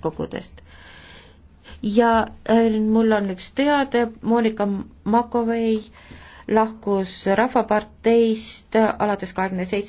kogudest. ja äh, mul on üks teade, Monika Makovei lahkus Rahvaparteist alates kahekümne seitsmendast